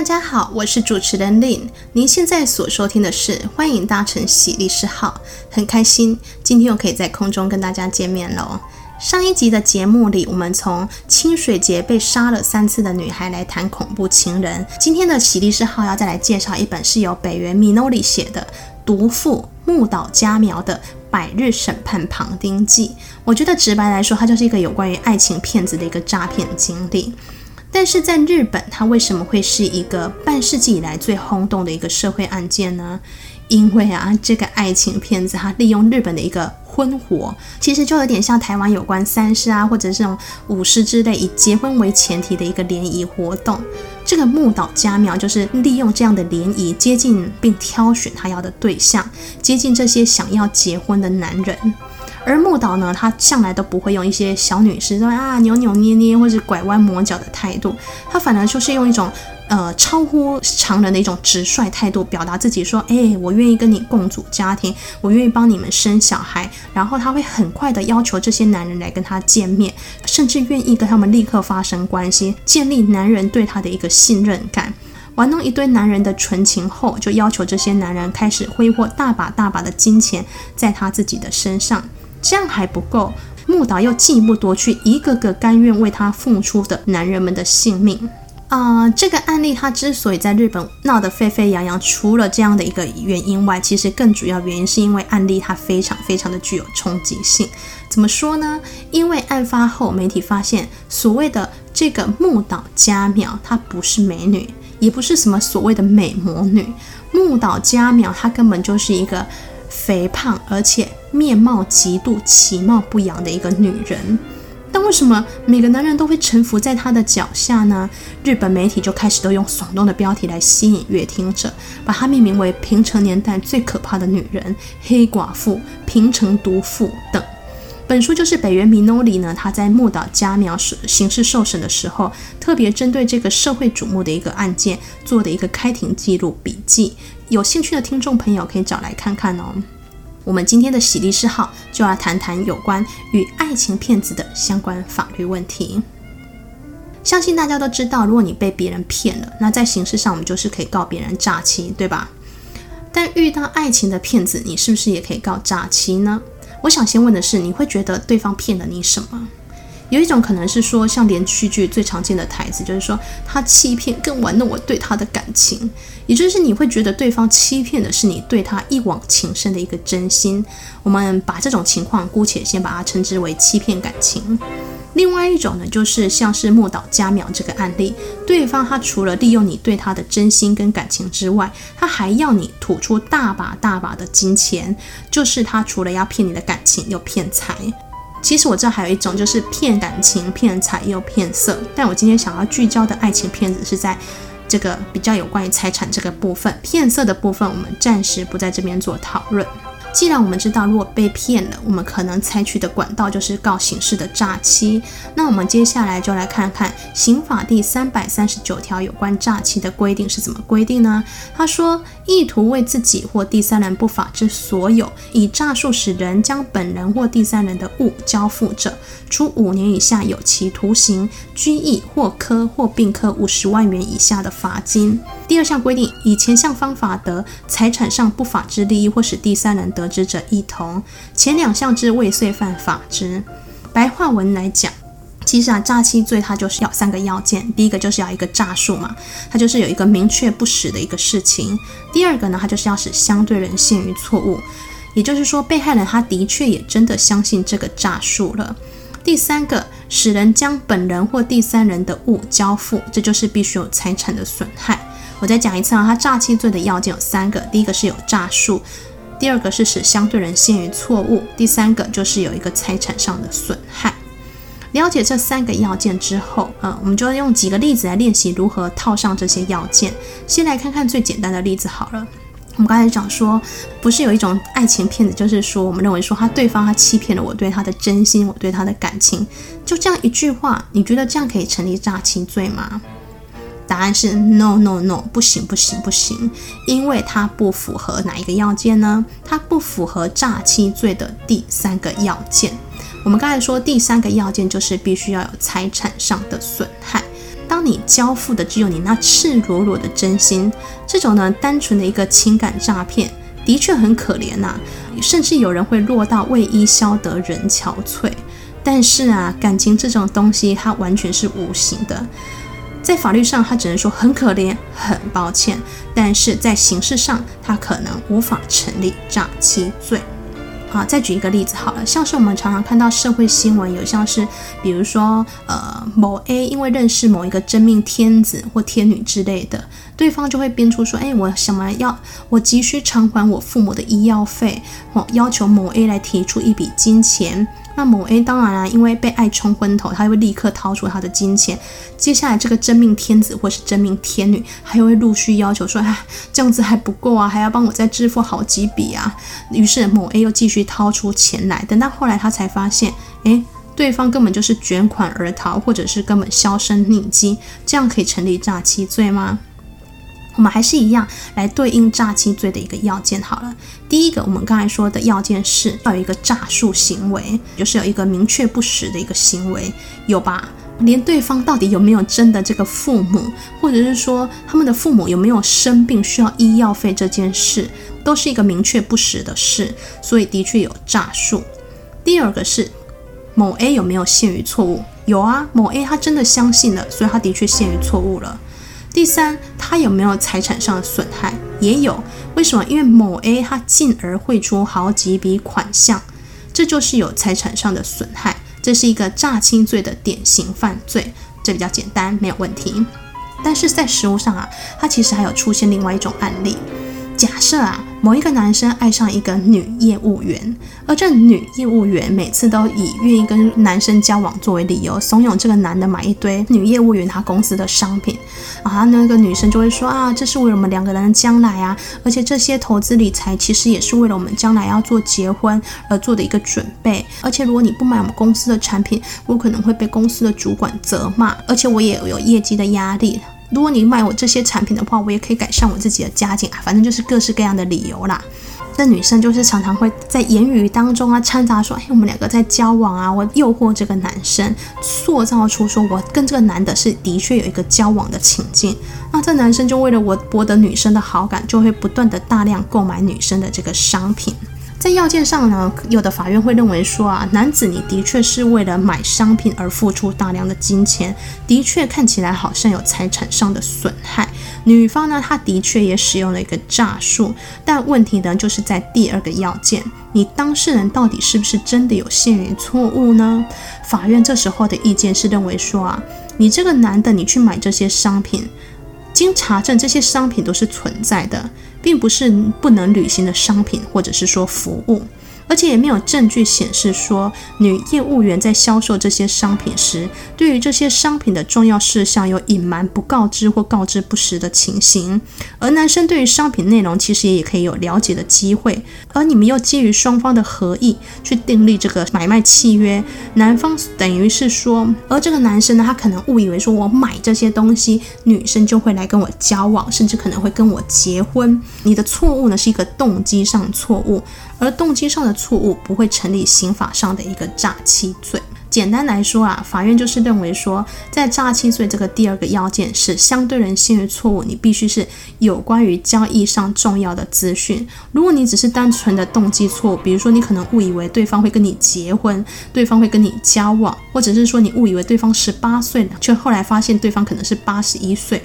大家好，我是主持人 Lin。您現在所收聽的是《歡迎搭乘喜力士號》，很開心，今天又可以在空中跟大家見面嘍。上一集的節目裡，我們從清水節被殺了三次的女孩來談恐怖情人。今天的喜力士號要再來介紹一本是由北原米諾里寫的《毒婦木島佳苗的百日審判旁聽記》。我覺得直白來說，它就是一個有關於愛情騙子的一個詐騙經歷。但是在日本，它為什麼會是一個半世紀以來最轟動的一個社會案件呢？因為啊，這個愛情騙子他利用日本的一個婚活，其實就有點像台灣有關三師啊，或者是這種五師之類，以結婚為前提的一個聯誼活動。這個木島佳苗就是利用這樣的聯誼接近並挑選他要的對象，接近這些想要結婚的男人。而木嶋呢，他向來都不會用一些小女生啊，扭扭捏捏或者拐彎抹角的態度，他反而就是用一種呃超乎常人的一種直率態度表達自己說，說哎，我願意跟你共組家庭，我願意幫你們生小孩。然後他會很快的要求這些男人來跟他見面，甚至願意跟他們立刻發生關係，建立男人對他的一個信任感。玩弄一堆男人的純情後，就要求這些男人開始揮霍大把大把的金錢在他自己的身上。這樣還不夠，木島又進一步奪去一個個甘願為他付出的男人們的性命。啊、呃，這個案例它之所以在日本鬧得沸沸揚揚，除了這樣的一個原因外，其實更主要原因是因為案例它非常非常的具有衝擊性。怎麼說呢？因為案發後，媒體發現所謂的這個木島佳苗，她不是美女，也不是什麼所謂的美魔女，木島佳苗她根本就是一個肥胖，而且。面貌極度其貌不揚的一個女人，但為什麼每個男人都會臣服在她的腳下呢？日本媒體就開始都用聳動的標題來吸引閱聽者，把她命名為“平成年代最可怕的女人”、“黑寡婦”、“平成毒婦”等。本書就是北原米諾里呢，她在木島佳苗刑事受審的時候，特別針對這個社會矚目的一個案件做的一個開庭記錄筆記。有興趣的聽眾朋友可以找來看看哦。我們今天的喜力士號就要談談有關與愛情騙子的相關法律問題。相信大家都知道，如果你被別人騙了，那在刑事上我們就是可以告別人詐欺，對吧？但遇到愛情的騙子，你是不是也可以告詐欺呢？我想先問的是，你會覺得對方騙了你什麼？有一種可能是說，像連續劇最常見的台詞，就是說他欺騙，更玩弄我對他的感情，也就是你會覺得對方欺騙的是你對他一往情深的一個真心。我們把這種情況姑且先把它稱之為欺騙感情。另外一種呢，就是像是木嶋佳苗這個案例，對方他除了利用你對他的真心跟感情之外，他還要你吐出大把大把的金錢，就是他除了要騙你的感情，要騙財。其實我知道還有一種就是騙感情、騙財又騙色，但我今天想要聚焦的愛情騙子是在這個比較有關於財產這個部分，騙色的部分我們暫時不在這邊做討論。既然我們知道，如果被騙了，我們可能採取的管道就是告刑事的詐欺。那我們接下來就來看看刑法第三百三十九條有關詐欺的規定是怎麼規定呢？他說，意圖為自己或第三人不法之所有，以詐術使人將本人或第三人的物交付者，處五年以下有期徒刑、拘役或科或併科五十萬元以下的罰金。第二項規定，以前項方法得財產上不法之利益或使第三人得得之者亦同，前兩項之未遂犯罰之。白話文來講，其實啊詐欺罪它就是要三個要件，第一個就是要一個詐術嘛，它就是有一個明確不實的一個事情；第二個呢，它就是要使相對人陷於錯誤，也就是說被害人他的確也真的相信這個詐術了；第三個使人將本人或第三人的物交付，這就是必須有財產的損害。我再講一次啊，他詐欺罪的要件有三個，第一個是有詐術。第二個是使相對人陷於錯誤，第三個就是有一個財產上的損害。了解這三個要件之後，嗯，我們就要用幾個例子來練習如何套上這些要件。先來看看最簡單的例子好了。我們剛才講說，不是有一種愛情騙子，就是說我們認為說他對方他欺騙了我對他的真心，我對他的感情，就這樣一句話，你覺得這樣可以成立詐欺罪嗎？答案是 no no no, no 不行不行不行，因為它不符合哪一個要件呢？它不符合詐欺罪的第三個要件。我們剛才說，第三個要件就是必須要有財產上的損害。當你交付的只有你那赤裸裸的真心，這種呢，單純的一個情感詐騙，的確很可憐吶、啊。甚至有人會落到為伊消得人憔悴。但是啊，感情這種東西，它完全是無形的。在法律上，他只能說很可憐、很抱歉，但是在刑事上，他可能無法成立詐欺罪。好、啊、再舉一個例子好了，像是我們常常看到社會新聞，有像是，比如說，呃，某 A 因為認識某一個真命天子或天女之類的，對方就會編出說，哎，我什麼要，我急需償還我父母的醫藥費，哦，要求某 A 來提出一筆金錢。那某 A 當然啊，因為被愛沖昏頭，他又會立刻掏出他的金錢。接下來這個真命天子或是真命天女，他又會陸續要求說，哎，這樣子還不夠啊，還要幫我再支付好幾筆啊。於是某 A 又繼續掏出錢來。等到後來他才發現，哎，對方根本就是捲款而逃，或者是根本銷聲匿跡。這樣可以成立詐欺罪嗎？我們還是一樣來對應詐欺罪的一個要件好了。第一個，我們剛才說的要件是要有一個詐術行為，就是有一個明確不實的一個行為，有吧？連對方到底有沒有真的這個父母，或者是說他們的父母有沒有生病需要醫藥費這件事，都是一個明確不實的事，所以的確有詐術。第二個是某 A 有沒有陷於錯誤？有啊，某 A 他真的相信了，所以他的確陷於錯誤了。第三，他有沒有財產上的損害？也有，為什麼？因為某 A 他進而匯出好幾筆款項，這就是有財產上的損害，這是一個詐欺罪的典型犯罪，這比較簡單，沒有問題。但是在實務上啊，它其實還有出現另外一種案例。假設啊，某一個男生愛上一個女業務員，而這女業務員每次都以願意跟男生交往作為理由，慫恿這個男的買一堆女業務員他公司的商品。啊，那個女生就會說啊，這是為了我們兩個人的將來啊，而且這些投資理財其實也是為了我們將來要做結婚而做的一個準備。而且如果你不買我們公司的產品，我可能會被公司的主管責罵，而且我也有業績的壓力。如果你買我這些產品的話，我也可以改善我自己的家境啊，反正就是各式各樣的理由啦。那女生就是常常會在言語當中啊摻雜說，哎，我們兩個在交往啊，我誘惑這個男生，塑造出說我跟這個男的是的確有一個交往的情境。那這男生就為了我博得女生的好感，就會不斷的大量購買女生的這個商品。在要件上呢，有的法院會認為說啊，男子你的確是為了買商品而付出大量的金錢，的確看起來好像有財產上的損害。女方呢，她的確也使用了一個詐術，但問題呢，就是在第二個要件，你當事人到底是不是真的有陷於錯誤呢？法院這時候的意見是認為說啊，你這個男的你去買這些商品，經查證這些商品都是存在的。並不是不能履行的商品，或者是說服務。而且也沒有證據顯示說女業務員在銷售這些商品時，對於這些商品的重要事項有隱瞞不告知或告知不實的情形。而男生對於商品內容其實也也可以有了解的機會，而你們又基於雙方的合意去訂立這個買賣契約，男方等於是說，而這個男生呢，他可能誤以為說我買這些東西，女生就會來跟我交往，甚至可能會跟我結婚。你的錯誤呢是一個動機上的錯誤，而動機上的。錯誤不會成立刑法上的一個詐欺罪。簡單來說啊，法院就是認為說，在詐欺罪這個第二個要件是相對人陷於錯誤，你必須是有關於交易上重要的資訊。如果你只是單純的動機錯誤，比如說你可能誤以為對方會跟你結婚，對方會跟你交往，或者是說你誤以為對方十八歲，卻後來發現對方可能是八十一歲。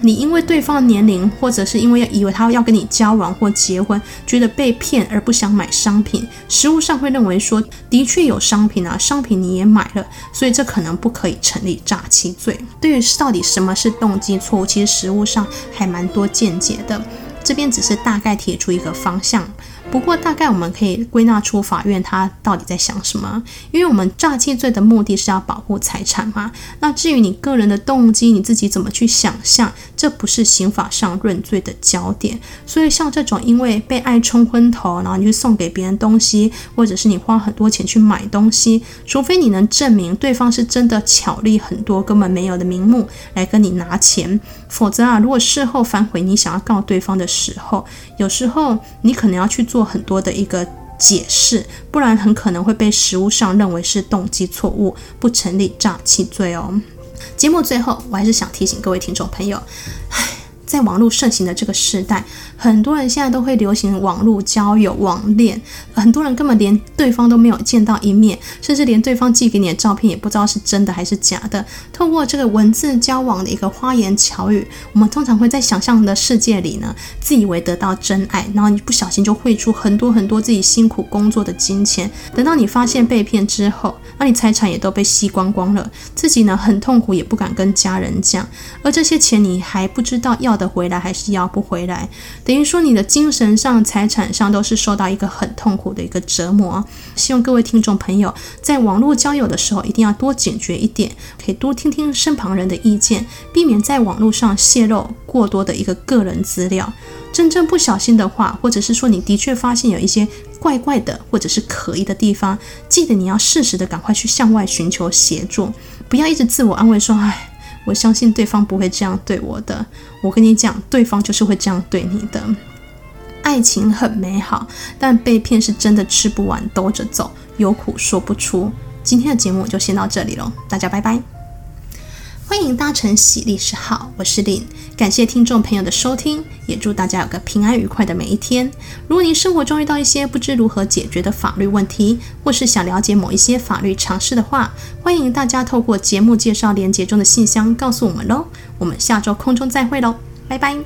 你因為對方的年齡，或者是因為要以為他要跟你交往或結婚，覺得被騙而不想買商品，實務上會認為說，的確有商品啊，商品你也買了，所以這可能不可以成立詐欺罪。對於到底什麼是動機錯誤，其實實務上還蠻多見解的，這邊只是大概提出一個方向。不過大概我們可以歸納出法院他到底在想什麼啊，因為我們詐欺罪的目的是要保護財產嘛。那至於你個人的動機，你自己怎麼去想象，這不是刑法上論罪的焦點。所以像這種因為被愛沖昏頭，然後你去送給別人東西，或者是你花很多錢去買東西，除非你能證明對方是真的巧立很多根本沒有的名目來跟你拿錢，否則啊，如果事後反悔，你想要告對方的時候，有時候你可能要去做。做很多的一個解釋，不然很可能會被實務上認為是動機錯誤，不成立詐欺罪哦。節目最後，我還是想提醒各位聽眾朋友，唉。在網絡盛行的這個時代，很多人現在都會流行網絡交友、網戀，呃，很多人根本連對方都沒有見到一面，甚至連對方寄給你的照片也不知道是真的還是假的。透過這個文字交往的一個花言巧語，我們通常會在想象的世界裡呢，自以為得到真愛，然後你不小心就匯出很多很多自己辛苦工作的金錢。等到你發現被騙之後，那你財產也都被吸光光了，自己呢很痛苦，也不敢跟家人講。而這些錢你還不知道要。的回來還是要不回來，等於說你的精神上、財產上都是受到一個很痛苦的一個折磨。希望各位聽眾朋友，在網絡交友的時候，一定要多警覺一點，可以多聽聽身旁人的意見，避免在網絡上泄露過多的一個個人資料。真正不小心的話，或者是說你的確發現有一些怪怪的或者是可疑的地方，記得你要適時的趕快去向外尋求協助，不要一直自我安慰說：“哎。”我相信對方不會這樣對我的，我跟你講，對方就是會這樣對你的。愛情很美好，但被騙是真的吃不完兜着走，有苦說不出。今天的節目就先到這裡嘍，大家拜拜。歡迎搭乘喜律師號，我是林。感謝聽眾朋友的收聽，也祝大家有個平安愉快的每一天。如果您生活中遇到一些不知如何解決的法律問題，或是想了解某一些法律常識的話，歡迎大家透過節目介紹連結中的信箱告訴我們嘍。我們下周空中再會嘍，拜拜。